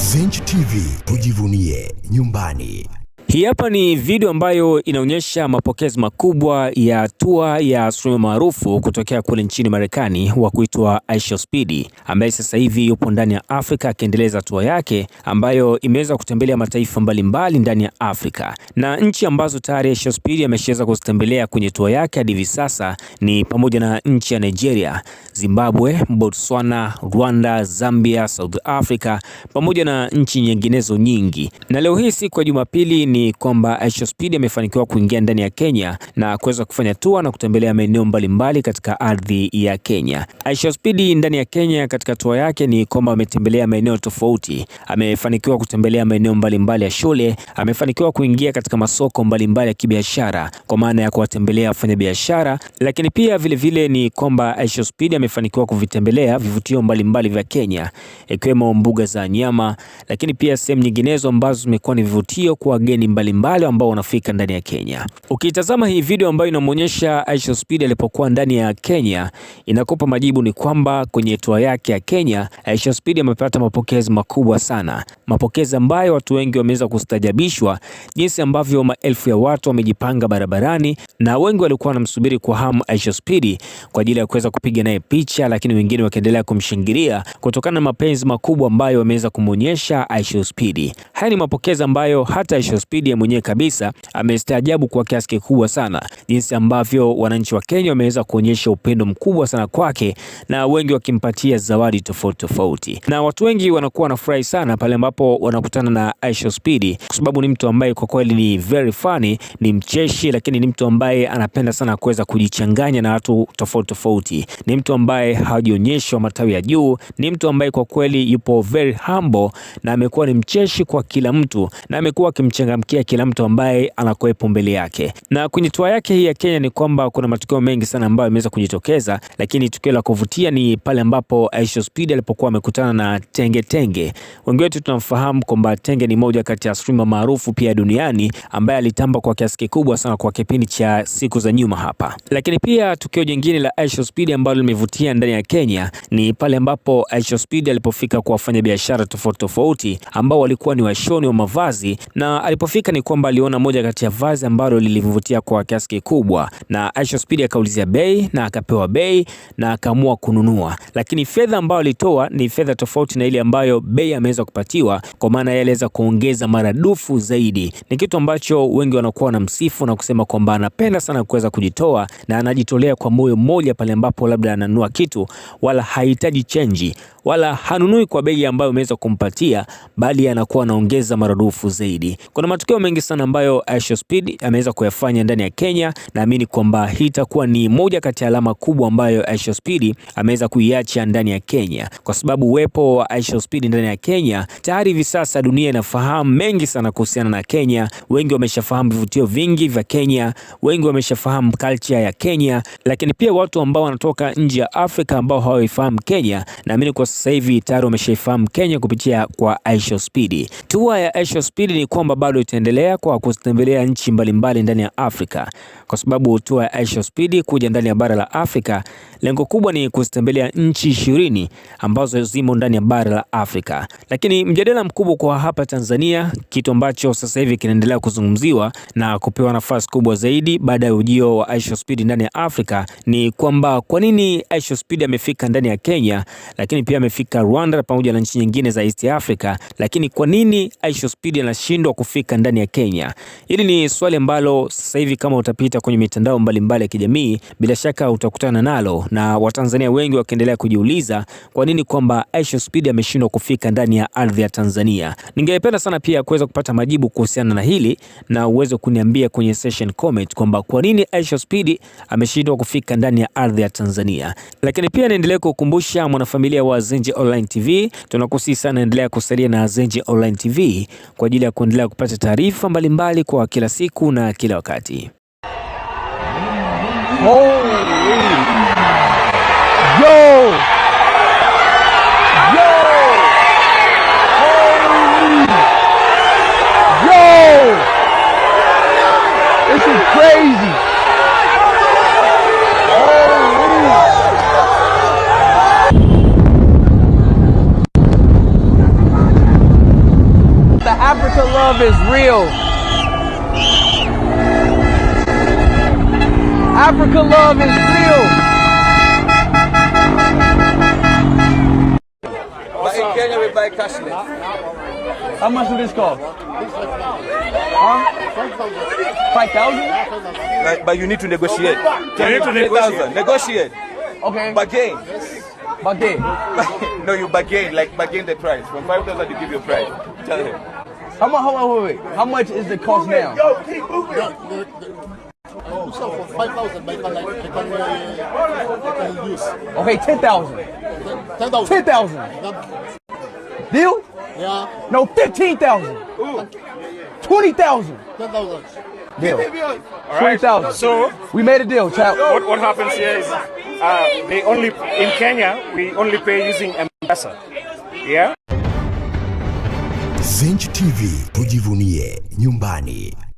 Zenj TV tujivunie nyumbani. Hii hapa ni video ambayo inaonyesha mapokezi makubwa ya tua ya swimmer maarufu kutokea kule nchini Marekani wa kuitwa Aisha Speedy ambaye sasa hivi yupo ndani ya Afrika akiendeleza tua yake ambayo imeweza kutembelea mataifa mbalimbali ndani ya Afrika, na nchi ambazo tayari Aisha Speedy ameshaweza kuzitembelea kwenye tua yake hadi hivi sasa ni pamoja na nchi ya Nigeria, Zimbabwe, Botswana, Rwanda, Zambia, South Africa pamoja na nchi nyinginezo nyingi, na leo hii siku ya Jumapili ni ni kwamba Aisha Speed amefanikiwa kuingia ndani ya Kenya na kuweza kufanya tour na kutembelea maeneo mbalimbali katika ardhi ya Kenya. Aisha Speed ndani ya Kenya katika tour yake ni kwamba ametembelea maeneo tofauti, amefanikiwa kutembelea maeneo mbalimbali ya shule, amefanikiwa kuingia katika masoko mbalimbali ya kibiashara kwa maana ya kuwatembelea wafanyabiashara, lakini pia vilevile vile ni kwamba Aisha Speed amefanikiwa kuvitembelea vivutio mbalimbali vya Kenya ikiwemo mbuga za nyama, lakini pia sehemu nyinginezo ambazo zimekuwa ni vivutio kwa wageni mbalimbali mbali ambao wanafika ndani ya Kenya. Ukitazama hii video ambayo inamwonyesha Aisha Speed alipokuwa ndani ya Kenya, inakupa majibu ni kwamba kwenye tour yake ya Kenya, Aisha Speed amepata mapokezi makubwa sana, mapokezi ambayo watu wengi wameweza kustajabishwa jinsi ambavyo maelfu ya watu wamejipanga barabarani, na wengi walikuwa wanamsubiri kwa hamu Aisha Speed kwa ajili ya kuweza kupiga naye picha, lakini wengine wakiendelea kumshingilia kutokana na mapenzi makubwa ambayo wameweza kumwonyesha Aisha Speed. Haya ni mapokezi ambayo hata Aisha Speed William mwenyewe kabisa amestaajabu kwa kiasi kikubwa sana jinsi ambavyo wananchi wa Kenya wameweza kuonyesha upendo mkubwa sana kwake na wengi wakimpatia zawadi tofauti tofauti. Na watu wengi wanakuwa wanafurahi sana pale ambapo wanakutana na Aisha Speedy kwa sababu ni mtu ambaye kwa kweli ni very funny, ni mcheshi, lakini ni mtu ambaye anapenda sana kuweza kujichanganya na watu tofauti tofauti. Ni mtu ambaye hajionyeshwa matawi ya juu, ni mtu ambaye kwa kweli yupo very humble na amekuwa ni mcheshi kwa kila mtu na amekuwa akimchangamkia kumfikia kila mtu ambaye anakuwepo mbele yake. Na kwenye tua yake hii ya Kenya ni kwamba kuna matukio mengi sana ambayo yameweza kujitokeza, lakini tukio la kuvutia ni pale ambapo Aisha Speed alipokuwa amekutana na Tenge Tenge. Wengi wetu tunamfahamu kwamba Tenge ni moja kati ya streamer maarufu pia duniani ambaye alitamba kwa kiasi kikubwa sana kwa kipindi cha siku za nyuma hapa, lakini pia tukio jingine la Aisha Speed ambalo limevutia ndani ya Kenya ni pale ambapo Aisha Speed alipofika kwa wafanyabiashara tofauti tofauti ambao walikuwa ni washoni wa mavazi na alipofika hakika ni kwamba aliona moja kati ya vazi ambalo lilivutia kwa kiasi kikubwa, na Aisha Speed akaulizia bei na akapewa bei na akaamua kununua, lakini fedha ambayo alitoa ni fedha tofauti na ile ambayo bei ameweza kupatiwa, kwa maana yeye aliweza kuongeza maradufu zaidi. Ni kitu ambacho wengi wanakuwa na msifu na kusema kwamba anapenda sana kuweza kujitoa na anajitolea kwa moyo mmoja pale ambapo labda ananunua kitu, wala hahitaji chenji wala hanunui kwa bei ambayo umeweza kumpatia, bali anakuwa anaongeza maradufu zaidi. Kuna matukio matukio mengi sana ambayo Asha Speed ameweza kuyafanya ndani ya Kenya. Naamini kwamba hii itakuwa ni moja kati ya alama kubwa ambayo Asha Speed ameweza kuiacha ndani ya Kenya, kwa sababu uwepo wa Asha Speed ndani ya Kenya tayari hivi sasa dunia inafahamu mengi sana kuhusiana na Kenya. Wengi wameshafahamu vivutio vingi vya Kenya, wengi wameshafahamu culture ya Kenya, lakini pia watu ambao wanatoka nje ya Afrika ambao hawaifahamu Kenya, naamini kwa sasa hivi tayari wameshaifahamu Kenya kupitia kwa Asho Speed. Tour ya Asho Speed ni kwamba bado ita inaendelea kwa kutembelea nchi mbalimbali ndani ya Afrika, kwa sababu tour ya Aisha Speed kuja ndani ya bara la Afrika, lengo kubwa ni kuzitembelea nchi ishirini ambazo zimo ndani ya bara la Afrika. Lakini mjadala mkubwa kwa hapa Tanzania, kitu ambacho sasa hivi kinaendelea kuzungumziwa na kupewa nafasi kubwa zaidi baada ya ujio wa Aisha Speed ndani ya Afrika ni kwamba kwa nini Aisha Speed amefika ndani ya Kenya, lakini pia amefika Rwanda pamoja na nchi nyingine za East Africa, lakini kwa nini Aisha Speed anashindwa kufika ndani ya Kenya? Hili ni swali ambalo sasa hivi kama utapita kwenye mitandao mbalimbali ya kijamii, bila shaka utakutana nalo na Watanzania wengi wakiendelea kujiuliza kwa nini kwamba Aisha Speed ameshindwa kufika ndani ya ardhi ya Tanzania. Ningependa sana pia kuweza kupata majibu kuhusiana na hili na uweze kuniambia kwenye session comment kwamba kwa nini Aisha Speed ameshindwa kufika ndani ya ardhi ya Tanzania. Lakini pia naendelea kukumbusha mwanafamilia wa Zenji Online TV, tunakusihi sana endelea kusalia na Zenji Online TV kwa ajili ya kuendelea kupata taarifa mbalimbali kwa kila siku na kila wakati. Oh, yo. love is real. Africa love is real. But in Kenya we buy cashless. How much do this cost? Huh? Five thousand? Like, but you need to negotiate. You need to negotiate. Negotiate. Okay. Bargain. Bargain. no, you bargain. Like bargain the price. From five thousand, you give your price. Tell him. How much? Hold wait, wait. How much is the cost now? Yo, keep moving. the, the, Okay, ten thousand. Ten thousand. Ten thousand. Deal? Yeah. No, fifteen thousand. Twenty thousand. Ten thousand. Deal. Twenty thousand. So we made a deal, What, what happens here is uh, they only in Kenya we only pay using M-Pesa. Yeah. Zenj TV tujivunie nyumbani.